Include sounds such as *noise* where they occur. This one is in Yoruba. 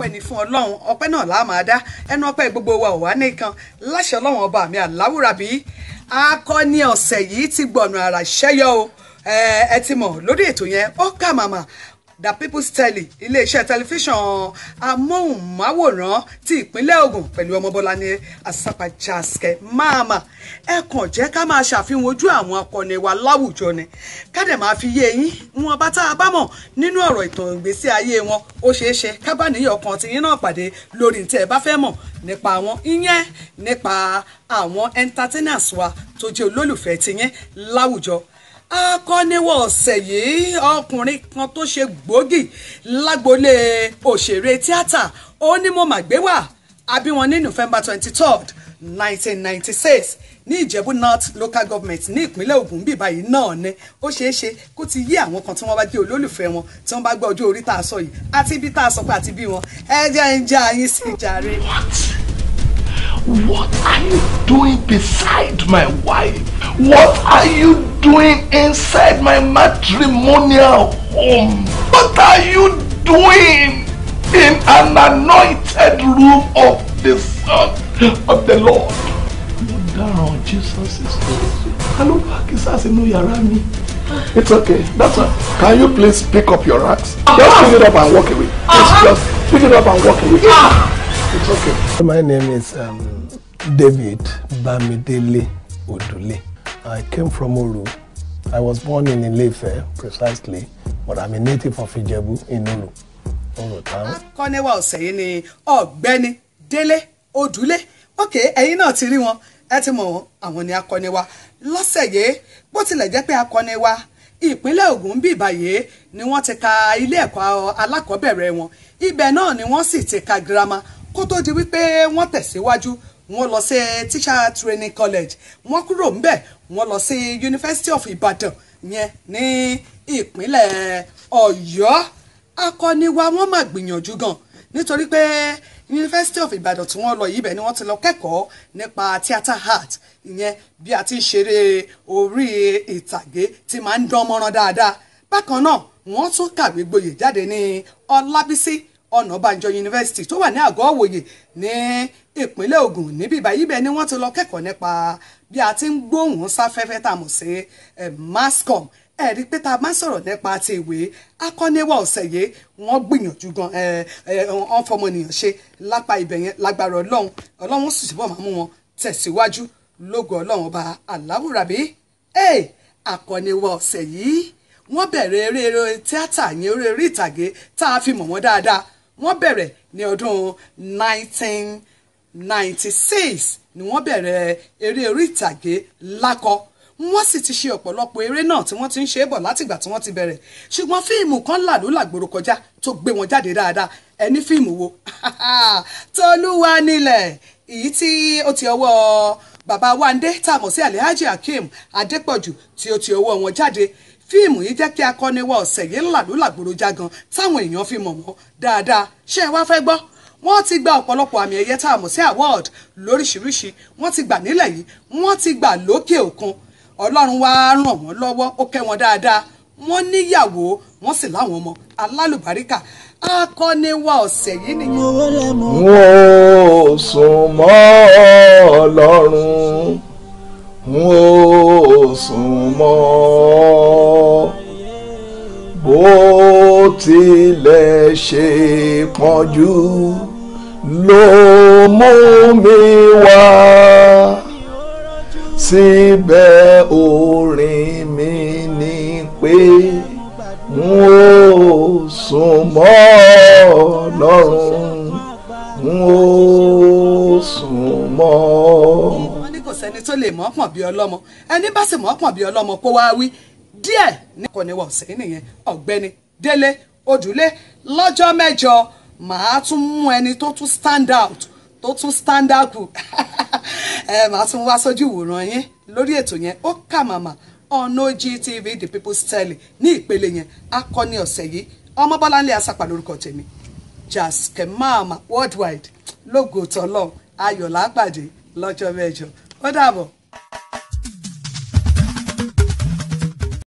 ọpẹ́ ni fún ọlọ́run ọpẹ́ náà la máa dá ẹnu ọpẹ́ gbogbo wa ò wá nìkan láṣẹ ọlọ́run ọba mi àláwùrábí akọni ọ̀sẹ̀ yìí ti gbọ̀nà àrà ṣẹ́yọ o ẹ ti mọ̀ lórí ètò yẹn ó kà màmá the people's tele iléeṣẹ́ tẹlifíṣàn amóhùnmáwòrán ti ìpínlẹ̀ Ògùn pẹ̀lú ọmọbọ́lá ní asapajaske máàmá ẹ kàn jẹ́ ká máa ṣàfihàn ojú àwọn akọni wa láwùjọ ni ká dẹ̀ máa fi yé yín wọn bá tá a bá mọ̀ nínú ọ̀rọ̀ ìtàn ìgbésí ayé wọn ó ṣeé ṣe ká bá níyàn kan tí yín náà pàdé lórí tí ẹ bá fẹ́ mọ̀ nípa àwọn ìyẹn nípa àwọn entertainers wa tó jẹ́ olólùfẹ́ tiyín láwùjọ akọ́niwọ̀ ọ̀sẹ̀ yìí ọkùnrin kan tó ṣe gbòógì lágboolé òṣèré tíátà ó ní mo mà gbé wà àbí ní November twenty third nineteen ninety six ní ìjẹ̀bú north local government ní ìpínlẹ̀ Ògùn bíbá yìí náà ni ó ṣeé ṣe kó ti yé àwọn kan tí wọ́n bá jẹ́ olólùfẹ́ wọn tí wọ́n bá gbọ́ ọjọ́ orí tá a sọ yìí àti ibi tá a sọ pé àti bí wọn ẹ jẹ́ ń já yín sí jàre. What are you doing beside my wife? What are you doing inside my matrimonial home? What are you doing in an anointed room of the Son of the Lord? Mo dáràn Jesus is Lord. Kálọ́bà kìsà sínú yàrá mi. It's okay. That's all. Can you please pick up your axe? Just uh-huh. pick it up and walk away. Just, just uh-huh. pick it up and walk away. Uh-huh. Okay. My name is um, David Bamidele Odule. I came from Oru. I was born in Ilefe, precisely, but I'm a native of Ijebu in Oru, Oru town. Akọ́ni wa ọ̀sẹ̀ yìí ni ọ̀gbẹ́ni Délé Odule. Ok, ẹ̀yin náà ti rí wọn, ẹ ti mọ̀ wọn, àwọn ni akọ́ni wa. Lọ́sẹ̀ yìí, bó tilẹ̀ jẹ́ pé akọ́ni wa ìpínlẹ̀ Ògùn bí ìbàyè ni wọ́n ti ka ilé ẹ̀kọ́ alákọ̀ọ́bẹ̀rẹ̀ wọn. Ibẹ̀ náà ni wọ́n sì ti ka girama kó tó di wípé wọ́n tẹ̀síwájú wọ́n lọ sí teacher training college wọ́n kúrò ńbẹ̀ wọ́n lọ sí University of Ibadan yẹn ní ìpínlẹ̀ Ọ̀yọ́ akọni wa wọ́n mà gbìyànjú gan nítorí pé University of Ibadan tí wọ́n lọ yìí bẹ̀ ni wọ́n ti lọ kẹ́kọ̀ọ́ nípa theatre art ìyẹn bí a ti ń ṣeré orí ìtàgé tí máa ń dán mọ́rán dáadáa bákan náà wọ́n tún kàwé gboyè jáde ní Ọlábísí ọ̀nàbànjọ yunifásitì tó wà ní àgọ́ òwòye ní ìpínlẹ̀ Ògùn níbi ìbáyìí bẹ́ẹ̀ ni wọ́n ti lọ kẹ́kọ̀ọ́ nípa bí a ti ń gbóhùn sáfẹ́fẹ́ tá a mọ̀ sí mascom ẹ̀rí pé tá a máa sọ̀rọ̀ nípa ti ìwé akọ́nẹ́wà ọ̀sẹ̀ yìí wọ́n gbìyànjú gan wọ́n fọmọnìyàn ṣe lápá ibẹ̀ yẹn lágbára ọlọ́run ọlọ́run sì túbọ̀ máa mú wọn tẹ̀síwájú lógo ọlọ́run ọba aláwùrábí ẹ̀ akọ́nẹ́wà ọ̀sẹ̀ yìí wọ́n bẹ̀rẹ̀ eré tíátà yẹn eré orí ìtàgé tá a fi mọ̀ wọ́n dáadáa wọ́n bẹ̀rẹ̀ ní ọdún 1996 ni wọ́n bẹ̀rẹ̀ eré orí ìtàgé lákọ wọ́n sì ti ṣe ọ̀pọ̀lọpọ̀ eré náà tí wọ́n ti ń ṣe é bọ̀ látìgbà tí wọ́n ti bẹ̀rẹ̀ ṣùgbọ́n fíìmù kan làlú làgbòrò kọjá tó gbé wọn jáde dáadáa ẹni fíìmù wo *laughs* tolúwa nílẹ̀ èyí tí ó ti ọwọ́ bàbá wáńdé tá sí alhaji akeem adépọ̀jù tí ó ti ọwọ́ wọn jáde fíìmù yìí jẹ́ kí akọni wa ọ̀sẹ̀ yìí ńlàlú làgbòrò jágan táwọn èèyàn fi mọ̀ wọ́n dáadáa ṣé ẹ wá fẹ́ gbọ́ wọ́n ti gba ọ̀pọ̀lọpọ̀ àmì ẹ̀yẹ tá a mọ̀ sí award lóríṣiríṣi wọ́n ti gbà nílẹ̀ yìí wọ́n ti gbà lókè òkun ọlọ́run wá ràn wọ́n lọ́wọ́ ó kẹ́ wọn dáadáa wọ́n níyàwó wọ́n sì láwọn ọmọ alálùbáríkà akọni wa ọ̀sẹ̀ yìí nìyẹn. wọn sùn mọ́ ọlọ́run wọn sùn mọ́ ọ bó tilẹ̀ ṣe pọ́njú ló mú mi wá síbẹ̀ orin mi ni pé n ó sùn mọ́ Ọlọ́run n ó sùn mọ́. wọ́n ní kò sẹ́ni tó lè mọ́ pọ̀n bí ọlọ́mọ ẹni bá sì mọ́ pọ̀n bí ọlọ́mọ kó wá wí díẹ̀ ẹ ni wọ́n ṣe nìyẹn ọ̀gbẹ́ni délé ojúlé lọ́jọ́ mẹ́jọ màá tún mú ẹni tó tún stand out tó tún stand out kù *laughs* ẹ màá tún wá sójú ìwòran yín lórí ètò yẹn ó kà màmá ọ̀nà the people's tele ní ìpele yẹn akọni ọ̀sẹ̀ yìí ọmọ bọ́láńlé asapa lórúkọ tèmi jaske mama worldwide lógo tọ́lọ́ ayọ̀ lágbàdé lọ́jọ́ mẹ́jọ ó dàbọ̀.